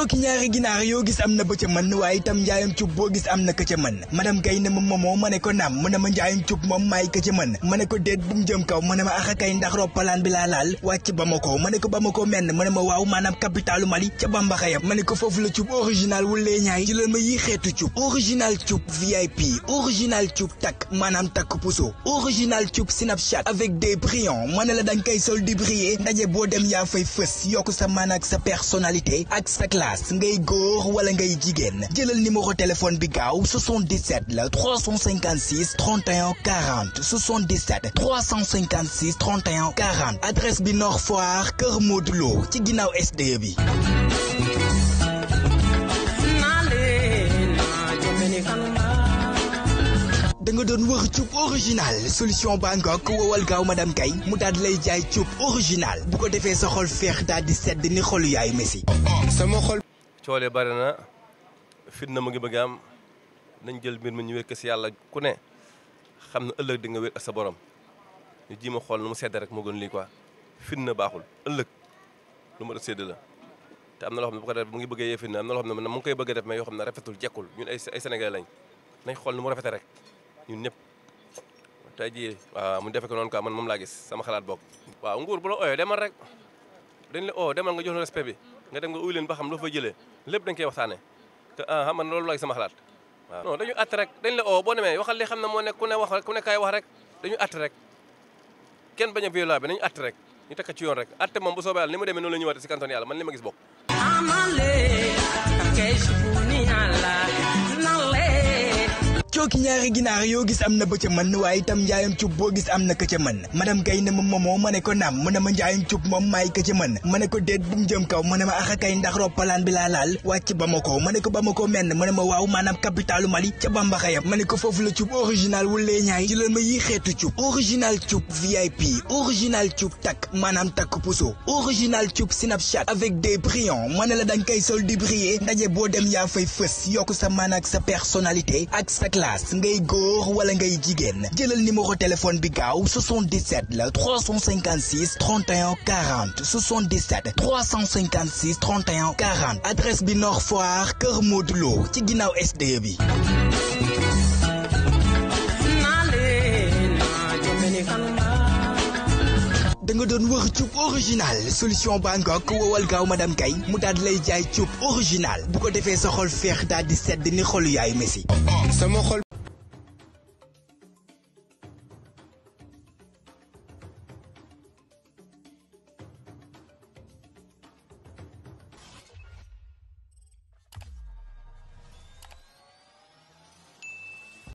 cooki ñaari ginaar yoo gis am na ba ca mën waaye itam njaayam cub boo gis am na ka ca mën madame Gaye ne ma moomoo ma ne ko naam mu ne ma njaayam cub moom maay ka ca ma ne ko déet bu mu jëm kaw mu ne ma ax ndax roppalaan bi laa laal wàcc Bamako ma ne ko Bamako menn mu ne ma waaw maanaam capitalu Mali ca Bambaxayam ma ne ko foofu la cub original wulee ñaay ci leen ma yi xeetu cub original cub VIP original cub takk maanaam takk puso original cub la danga koy sol di boo dem yaa fay fës yokk sa man ak sa personnalité ak sa classe place ngay góor wala ngay jigéen jëlal numéro téléphone bi gaaw 77 la 356 31 40 77 356 31 40 adresse bi Nord Foire Kër Modou Lo ci ginnaaw sd e bi da nga doon wax cuub original solution bangok wowal gaaw madame Gaye mu daal di lay jaay cuub original bu ko defee sa xol feex daal di sedd ni xolu yaayu Messi. sama xol. coolee bari na fitna mu ngi bëgg am nañ jël mbir mi ñu si yàlla ku ne xam na ëllëg di nga wér sa borom ñu ji ma xool nu mu sedd rek moo gën lii quoi fitna baaxul ëllëg lu ma sedd la. te am na loo xam ne bu ko def mu ngi bëgg yee fitna am na loo xam ne mu ngi koy bëgg a def mais yoo xam ne rafetul jekkul ñun ay ay Sénégalais lañ nañ xool nu mu rafete rek. ñun ñëpp tey jii mu defe ko noonu quoi man moom laa gis sama xalaat bokk waaw nguur bu la ooyee demal rek dañ la oo demal nga jox respect bi nga dem nga uy leen ba xam loo fa jëlee lépp dañ koy waxtaane te ah man loolu laa gis sama xalaat waaw dañu att rek dañ la oo boo demee waxal li xam ne moo nekk ne wax rek ku ne kaay wax rek dañu att rek kenn bañ a violent bi nañu att rek ñu takk ci yoon rek att moom bu soobee yàlla ni mu demee noonu la ñëwaatee si canton yàlla man li ma gis bokk cooki ñaari ginaar yoo gis am na ba ca mën waaye itam njaayam cub boo gis am na ka ca mën madame kay ne ma moomoo ma ne ko naam mu ne ma njaayam cub moom maay ka ma ne ko déet bu mu jëm kaw ma ne ma ax ndax roppalaan bi laa laal wàcc Bamako ma ko ne ko Bamako menn ma ne ma waaw maanaam capitalu Mali ca Bambaxayam ma ne ko foofu la cub original wulee ñaay ci leen ma yi xeetu cub original cub VIP original cub takk maanaam takk puso original cub Snapchat avec des brillants ma ne la danga koy sol di briller ndaje dem yaa fay fës yokk sa man ak sa personnalité ak sa Gosaas ngay góor wala ngay jigéen jëlal numéro téléphone bi gaaw 77 la 356 31 40 77 356 31 40 adresse bi Nord Foire Kër Modou ci ginnaaw sd e bi da nga doon wax cuub original solution banque woowal gaaw madame kay mu daal lay jaay cuub original bu ko defee sa xol feex daal di sedd ni xolu yaay Messi oh, oh,